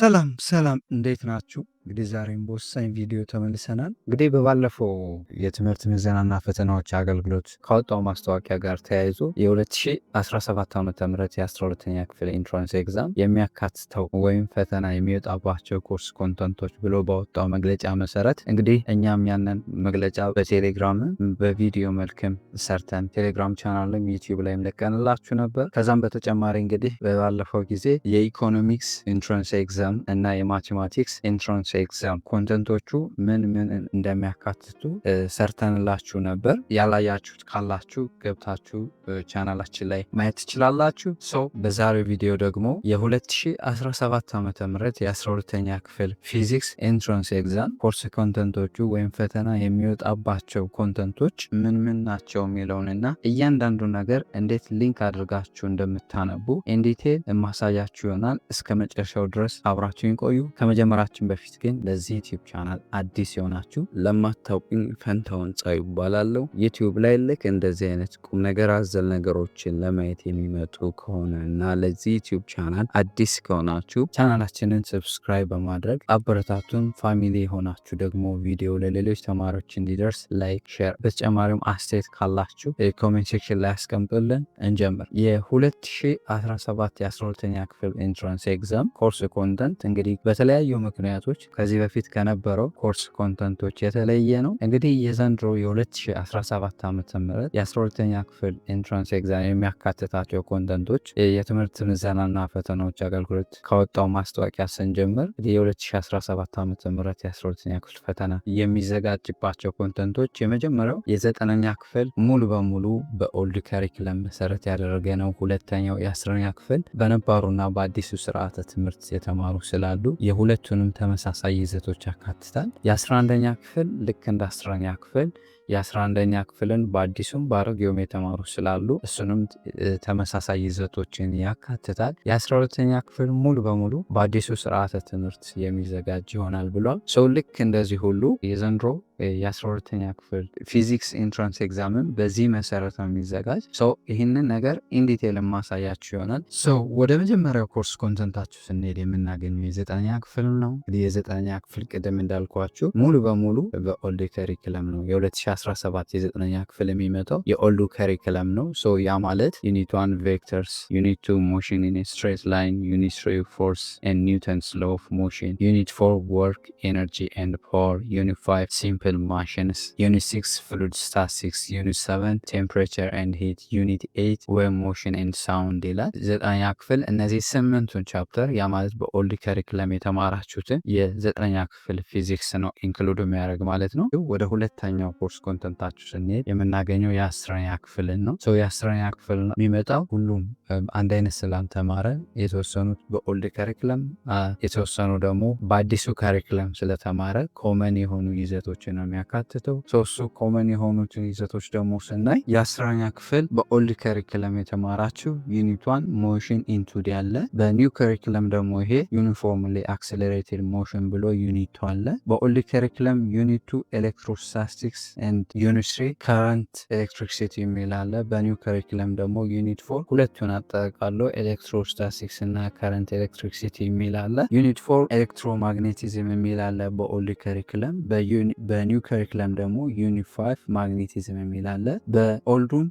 ሰላም ሰላም፣ እንዴት ናችሁ? እንግዲህ ዛሬም በወሳኝ ቪዲዮ ተመልሰናል። እንግዲህ በባለፈው የትምህርት ምዘናና ፈተናዎች አገልግሎት ካወጣው ማስታወቂያ ጋር ተያይዞ የ2017 ዓ ም የ12ኛ ክፍል ኢንትራንስ ኤግዛም የሚያካትተው ወይም ፈተና የሚወጣባቸው ኮርስ ኮንተንቶች ብሎ ባወጣው መግለጫ መሰረት እንግዲህ እኛም ያንን መግለጫ በቴሌግራም በቪዲዮ መልክም ሰርተን ቴሌግራም ቻናልም ዩቲዩብ ላይም ለቀንላችሁ ነበር። ከዛም በተጨማሪ እንግዲህ በባለፈው ጊዜ የኢኮኖሚክስ ኢንትራንስ ኤግዛም እና የማቴማቲክስ ኢንትራንስ ኤግዛም ኮንተንቶቹ ምን ምን እንደሚያካትቱ ሰርተንላችሁ ነበር። ያላያችሁት ካላችሁ ገብታችሁ ቻናላችን ላይ ማየት ትችላላችሁ። ሰው በዛሬው ቪዲዮ ደግሞ የ2017 ዓ ም የ12ኛ ክፍል ፊዚክስ ኤንትራንስ ኤግዛም ኮርስ ኮንተንቶቹ ወይም ፈተና የሚወጣባቸው ኮንተንቶች ምን ምን ናቸው የሚለውንና እያንዳንዱ ነገር እንዴት ሊንክ አድርጋችሁ እንደምታነቡ ኢንዲቴል ማሳያችሁ ይሆናል። እስከ መጨረሻው ድረስ አብራችሁ ቆዩ። ከመጀመራችን በፊት ግን ለዚህ ዩቲዩብ ቻናል አዲስ የሆናችሁ ለማታውቁኝ ፈንታውን ጻዩ ይባላለሁ። ዩቲዩብ ላይ ልክ እንደዚህ አይነት ቁም ነገር አዘል ነገሮችን ለማየት የሚመጡ ከሆነ እና ለዚህ ዩቲዩብ ቻናል አዲስ ከሆናችሁ ቻናላችንን ሰብስክራይብ በማድረግ አበረታቱን። ፋሚሊ የሆናችሁ ደግሞ ቪዲዮ ለሌሎች ተማሪዎች እንዲደርስ ላይክ፣ ሼር በተጨማሪም አስተያየት ካላችሁ ኮሜንት ሴክሽን ላይ ያስቀምጡልን። እንጀምር። የ2017 የ12ኛ ክፍል ኢንትራንስ ኤግዛም ኮርስ ኮንተንት እንግዲህ በተለያዩ ምክንያቶች ከዚህ በፊት ከነበረው ኮርስ ኮንተንቶች የተለየ ነው። እንግዲህ የዘንድሮ የ2017 ዓ ም የ12ኛ ክፍል ኢንትራንስ ኤግዛም የሚያካትታቸው ኮንተንቶች የትምህርት ምዘናና ፈተናዎች አገልግሎት ካወጣው ማስታወቂያ ስንጀምር የ2017 ዓ ም የ12ኛ ክፍል ፈተና የሚዘጋጅባቸው ኮንተንቶች የመጀመሪያው የዘጠነኛ ክፍል ሙሉ በሙሉ በኦልድ ከሪክለም መሰረት ያደረገ ነው። ሁለተኛው የ10ኛ ክፍል በነባሩና በአዲሱ ስርዓተ ትምህርት የተማሩ ስላሉ የሁለቱንም ተመሳሳይ አሳሳይ ይዘቶች ያካትታል። የ11ኛ ክፍል ልክ እንደ 10ኛ ክፍል የ11ኛ ክፍልን በአዲሱም በአሮጌውም የተማሩ ስላሉ እሱንም ተመሳሳይ ይዘቶችን ያካትታል። የ12ኛ ክፍል ሙሉ በሙሉ በአዲሱ ስርዓተ ትምህርት የሚዘጋጅ ይሆናል ብሏል። ሰው ልክ እንደዚህ ሁሉ የዘንድሮ የ12ኛ ክፍል ፊዚክስ ኢንትራንስ ኤግዛምን በዚህ መሰረት ነው የሚዘጋጅ። ሰው ይህንን ነገር ኢንዲቴል ማሳያችሁ ይሆናል። ሰው ወደ መጀመሪያው ኮርስ ኮንተንታችሁ ስንሄድ የምናገኘው የዘጠነኛ ክፍል ነው። የዘጠነኛ ክፍል ቅድም እንዳልኳችሁ ሙሉ በሙሉ በኦልድ ከሪክለም ነው የ 17 የዘጠነኛ ክፍል የሚመጣው የኦልዱ ከሪክለም ነው። ሶ ያ ማለት ዩኒት ዋን ቬክተርስ፣ ዩኒት ቱ ሞሽን ኢን ስትሬት ላይን፣ ዩኒት ትሪ ፎርስ ኤንድ ኒውተንስ ሎ ኦፍ ሞሽን፣ ዩኒት ፎር ወርክ ኤነርጂ ኤንድ ፓወር፣ ዩኒት ፋይቭ ሲምፕል ማሽንስ፣ ዩኒት ሲክስ ፍሉድ ስታቲክስ፣ ዩኒት ሰቨን ቴምፕሬቸር ኤንድ ሂት፣ ዩኒት ኤይት ዌብ ሞሽን ኤንድ ሳውንድ ይላል። ዘጠነኛ ክፍል እነዚህ ስምንቱን ቻፕተር ያ ማለት በኦልድ ከሪክለም የተማራችሁትን የዘጠነኛ ክፍል ፊዚክስ ነው ኢንክሉድ የሚያደርግ ማለት ነው። ወደ ሁለተኛው ኮርስ ኮንተንታችሁ ስንሄድ የምናገኘው የአስረኛ ክፍልን ነው። የአስረኛ ክፍል የሚመጣው ሁሉም አንድ አይነት ስላልተማረ የተወሰኑት በኦልድ ከሪክለም፣ የተወሰኑ ደግሞ በአዲሱ ከሪክለም ስለተማረ ኮመን የሆኑ ይዘቶችን ነው የሚያካትተው። ሶሱ ኮመን የሆኑትን ይዘቶች ደግሞ ስናይ የአስረኛ ክፍል በኦልድ ከሪክለም የተማራችው ዩኒቷን ሞሽን ኢንቱድ ያለ በኒው ከሪክለም ደግሞ ይሄ ዩኒፎርምሊ አክስለሬትድ ሞሽን ብሎ ዩኒቱ አለ። በኦልድ ከሪክለም ዩኒቱ ኤሌክትሮስታቲክስ ኤንድ ዩኒስትሪ ከረንት ኤሌክትሪክሲቲ የሚል አለ። በኒው ከሪክለም ደግሞ ዩኒት ፎር ሁለቱን አጠቃሎ ኤሌክትሮስታቲክስ እና ከረንት ኤሌክትሪክሲቲ የሚል አለ። ዩኒት ፎር ኤሌክትሮማግኔቲዝም የሚል አለ በኦልድ ከሪክለም። በኒው ከሪክለም ደግሞ ዩኒት ፋይቭ ማግኔቲዝም የሚል አለ። በኦልዱም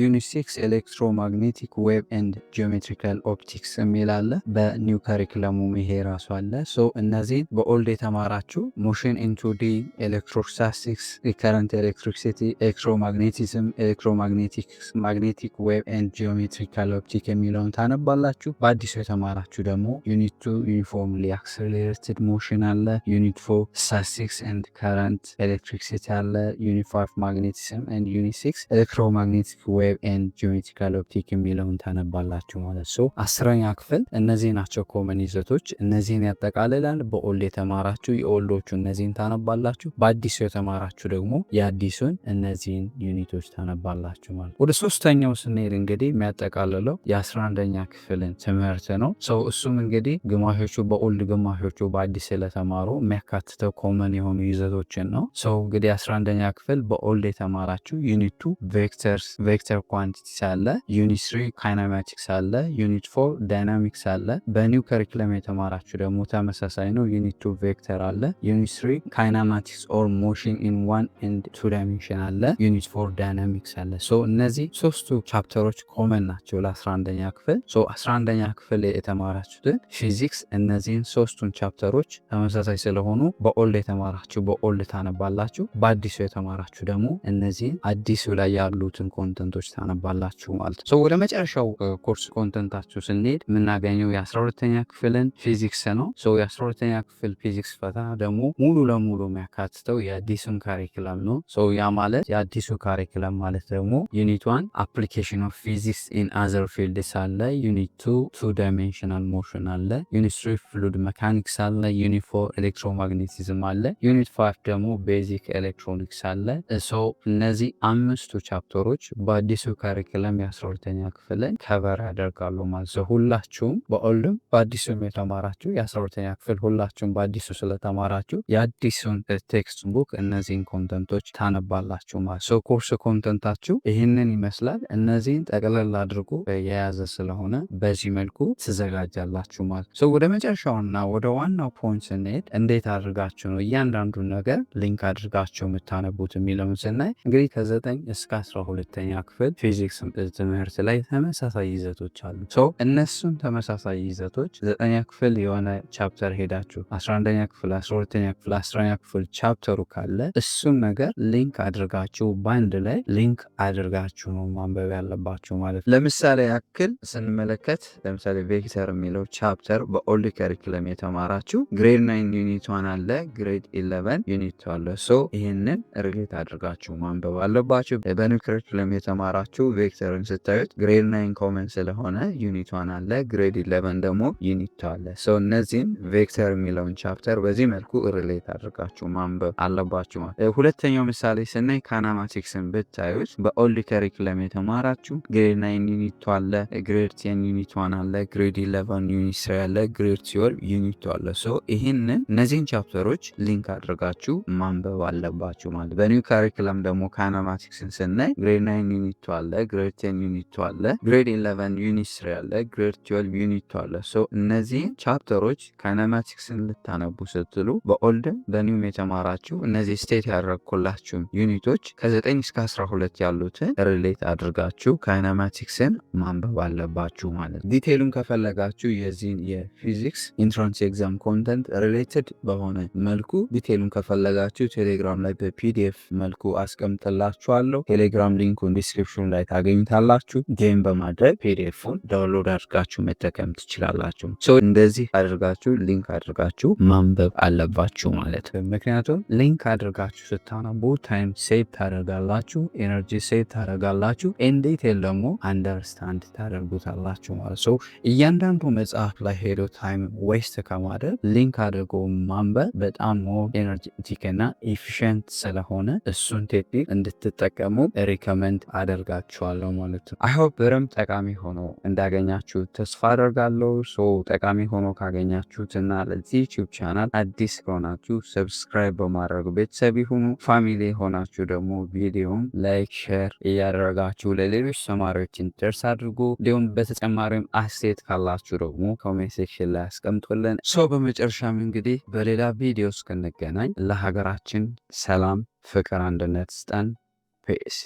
ዩኒት ሲክስ ኤሌክትሮማግኔቲክ ዌብ ኤንድ ጂኦሜትሪካል ኦፕቲክስ የሚል አለ። በኒው ከሪክለሙም ይሄ ራሱ አለ። እነዚህን በኦልድ የተማራችሁ ሞሽን ኢንቱ ዲ ኤሌክትሮስታቲክስ ከረንት ኤሌክትሪክሲቲ፣ ኤሌክትሮማግኔቲዝም፣ ኤሌክትሮማግኔቲክ ማግኔቲክ ዌብ ኤንድ ጂኦሜትሪካል ኦፕቲክ የሚለውን ታነባላችሁ። በአዲሱ የተማራችሁ ደግሞ ዩኒት ቱ ዩኒፎርምሊ አክሰሌሬትድ ሞሽን አለ። ዩኒት ፎ ሳሲክስ ኤንድ ከረንት ኤሌክትሪክሲቲ አለ። ዩኒት ፋይቭ ማግኔቲዝም ኤንድ ዩኒት ሲክስ ኤሌክትሮማግኔቲክ ዌብ ኤንድ ጂኦሜትሪካል ኦፕቲክ የሚለውን ታነባላችሁ ማለት ነው። አስረኛ ክፍል እነዚህ ናቸው ኮመን ይዘቶች። እነዚህን ያጠቃልላል። በኦል የተማራችሁ የኦልዶቹ እነዚህን ታነባላችሁ። በአዲሱ የተማራችሁ ደግሞ የአዲሱን እነዚህን ዩኒቶች ታነባላችሁ ማለት። ወደ ሶስተኛው ስንሄድ እንግዲህ የሚያጠቃልለው የ11ኛ ክፍልን ትምህርት ነው። ሰው እሱም እንግዲህ ግማሾቹ በኦልድ ግማሾቹ በአዲስ ስለተማሩ የሚያካትተው ኮመን የሆኑ ይዘቶችን ነው። ሰው እንግዲህ 11ኛ ክፍል በኦልድ የተማራችሁ ዩኒቱ ቬክተርስ ቬክተር ኳንቲቲስ አለ፣ ዩኒት ስሪ ካይናማቲክስ አለ፣ ዩኒት ፎር ዳይናሚክስ አለ። በኒው ከሪክለም የተማራችሁ ደግሞ ተመሳሳይ ነው። ዩኒቱ ቬክተር አለ፣ ዩኒት ስሪ ካይናማቲክስ ኦር ሞሽን ኢን ዋን ኤንድ ቱ ዳይሜንሽን አለ፣ ዩኒት ፎር ዳይናሚክስ አለ። ሶ እነዚህ ሶስቱ ቻፕተሮች ኮመን ናቸው ለ11ኛ ክፍል። ሶ 11ኛ ክፍል የተማራችሁትን ፊዚክስ እነዚህን ሶስቱን ቻፕተሮች ተመሳሳይ ስለሆኑ በኦልድ የተማራችሁ በኦልድ ታነባላችሁ፣ በአዲሱ የተማራችሁ ደግሞ እነዚህን አዲሱ ላይ ያሉትን ኮንተንቶች ታነባላችሁ ማለት ነው። ወደ መጨረሻው ኮርስ ኮንተንታችሁ ስንሄድ የምናገኘው የ 12 ኛ ክፍልን ፊዚክስ ነው። የ12ተኛ ክፍል ፊዚክስ ፈተና ደግሞ ሙሉ ለሙሉ የሚያካትተው የአዲሱን ካሪክለም ነው። ሰው ያ ማለት የአዲሱ ካሪክለም ማለት ደግሞ ዋን አፕሊኬሽን ኦፍ ፊዚክስ ኢን አዘር ፊልድስ አለ። ዩኒት ቱ ቱ ዳይሜንሽናል ሞሽን አለ። ዩኒት ስሪ ፍሉድ መካኒክስ አለ። ዩኒት ፎር ኤሌክትሮማግኔቲዝም አለ። ዩኒት ፋይቭ ደግሞ ቤዚክ ኤሌክትሮኒክስ አለ። ሶ እነዚህ አምስቱ ቻፕተሮች በአዲሱ ካሪክለም የአስራ ሁለተኛ ክፍልን ከበር ያደርጋሉ ማለት ነው። ሁላችሁም በኦልድም በአዲሱም የተማራችሁ የአስራ ሁለተኛ ክፍል ሁላችሁም በአዲሱ ስለተማራችሁ የአዲሱን ቴክስት ቡክ እነዚህን ኮንተንቶች ታነባላችሁ ማለት ሰው ኮርስ ኮንተንታችሁ ይህንን ይመስላል። እነዚህን ጠቅለል አድርጎ የያዘ ስለሆነ በዚህ መልኩ ትዘጋጃላችሁ ማለት ሰው ወደ መጨረሻውና ወደ ዋናው ፖይንት ስንሄድ እንዴት አድርጋችሁ ነው እያንዳንዱን ነገር ሊንክ አድርጋችሁ የምታነቡት የሚለውን ስናይ እንግዲህ ከዘጠኝ እስከ አስራ ሁለተኛ ክፍል ፊዚክስ ትምህርት ላይ ተመሳሳይ ይዘቶች አሉ። እነሱም እነሱን ተመሳሳይ ይዘቶች ዘጠኛ ክፍል የሆነ ቻፕተር ሄዳችሁ አስራ አንደኛ ክፍል አስራ ሁለተኛ ክፍል አስረኛ ክፍል ቻፕተሩ ካለ እሱን ነገር ሊንክ አድርጋችሁ ባንድ ላይ ሊንክ አድርጋችሁ ነው ማንበብ ያለባችሁ ማለት ነው። ለምሳሌ ያክል ስንመለከት ለምሳሌ ቬክተር የሚለው ቻፕተር በኦልድ ከሪክለም የተማራችሁ ግሬድ ናይን ዩኒቷን አለ፣ ግሬድ ኢለቨን ዩኒቱ አለ። ሶ ይህንን ሪሌት አድርጋችሁ ማንበብ አለባችሁ። በኒው ከሪክለም የተማራችሁ ቬክተርን ስታዩት ግሬድ ናይን ኮመን ስለሆነ ዩኒቷን አለ፣ ግሬድ ኢለቨን ደግሞ ዩኒቱ አለ። ሶ እነዚህን ቬክተር የሚለውን ቻፕተር በዚህ መልኩ ሪሌት አድርጋችሁ ማንበብ አለባችሁ። ሁለተኛው ለምሳሌ ስናይ ካናማቲክስን ብታዩት በኦልድ ከሪክለም የተማራችሁ ግሬድ ናይን ዩኒቱ አለ፣ ግሬድ ቴን ዩኒት ዋን አለ፣ ግሬድ ኢለቨን ዩኒት ስሪ አለ፣ ግሬድ ትዌልቭ ዩኒቱ አለ። ሶ ይህንን እነዚህን ቻፕተሮች ሊንክ አድርጋችሁ ማንበብ አለባችሁ ማለት። በኒው ከሪክለም ደግሞ ካናማቲክስን ስናይ ግሬድ ናይን ዩኒቱ አለ፣ ግሬድ ቴን ዩኒቱ አለ፣ ግሬድ ኢለቨን ዩኒት ስሪ አለ፣ ግሬድ ትዌልቭ ዩኒቱ አለ። ሶ እነዚህን ቻፕተሮች ካናማቲክስን ልታነቡ ስትሉ በኦልድ በኒውም የተማራችሁ እነዚህ ስቴት ያደረግኩላ ሁላችሁም ዩኒቶች ከ9 እስከ 12 ያሉትን ሪሌት አድርጋችሁ ካይናማቲክስን ማንበብ አለባችሁ ማለት ነው። ዲቴይሉን ከፈለጋችሁ የዚህን የፊዚክስ ኢንትራንስ ኤግዛም ኮንተንት ሪሌትድ በሆነ መልኩ ዲቴይሉን ከፈለጋችሁ ቴሌግራም ላይ በፒዲኤፍ መልኩ አስቀምጥላችኋለሁ። ቴሌግራም ሊንኩን ዲስክሪፕሽን ላይ ታገኙታላችሁ። ጌም በማድረግ ፒዲኤፉን ዳውንሎድ አድርጋችሁ መጠቀም ትችላላችሁ። እንደዚህ አድርጋችሁ ሊንክ አድርጋችሁ ማንበብ አለባችሁ ማለት ምክንያቱም ሊንክ አድርጋችሁ ስታነቡ ታይም ሴቭ ታደርጋላችሁ፣ ኤነርጂ ሴቭ ታደርጋላችሁ፣ እንዴቴል ደግሞ አንደርስታንድ ታደርጉታላችሁ ማለት ሰው እያንዳንዱ መጽሐፍ ላይ ሄዶ ታይም ዌስት ከማድረግ ሊንክ አድርጎ ማንበብ በጣም ኤነርጂቲክ እና ኤፊሽንት ስለሆነ እሱን ቴክኒክ እንድትጠቀሙ ሪከመንድ አደርጋችኋለሁ ማለት ነው። አይሆፕ በረም ጠቃሚ ሆኖ እንዳገኛችሁ ተስፋ አደርጋለሁ። ሰው ጠቃሚ ሆኖ ካገኛችሁት እና ለዚህ ዩቲዩብ ቻናል አዲስ ከሆናችሁ ሰብስክራይብ በማድረግ ቤተሰብ ይሁኑ ፋሚሊ ላይ ሆናችሁ ደግሞ ቪዲዮን ላይክ፣ ሼር እያደረጋችሁ ለሌሎች ተማሪዎች እንዲደርስ አድርጉ። እንዲሁም በተጨማሪም አስተያየት ካላችሁ ደግሞ ኮሜንት ሴክሽን ላይ አስቀምጦልን ሰው። በመጨረሻም እንግዲህ በሌላ ቪዲዮ እስክንገናኝ ለሀገራችን ሰላም፣ ፍቅር፣ አንድነት ስጠን። ፔስ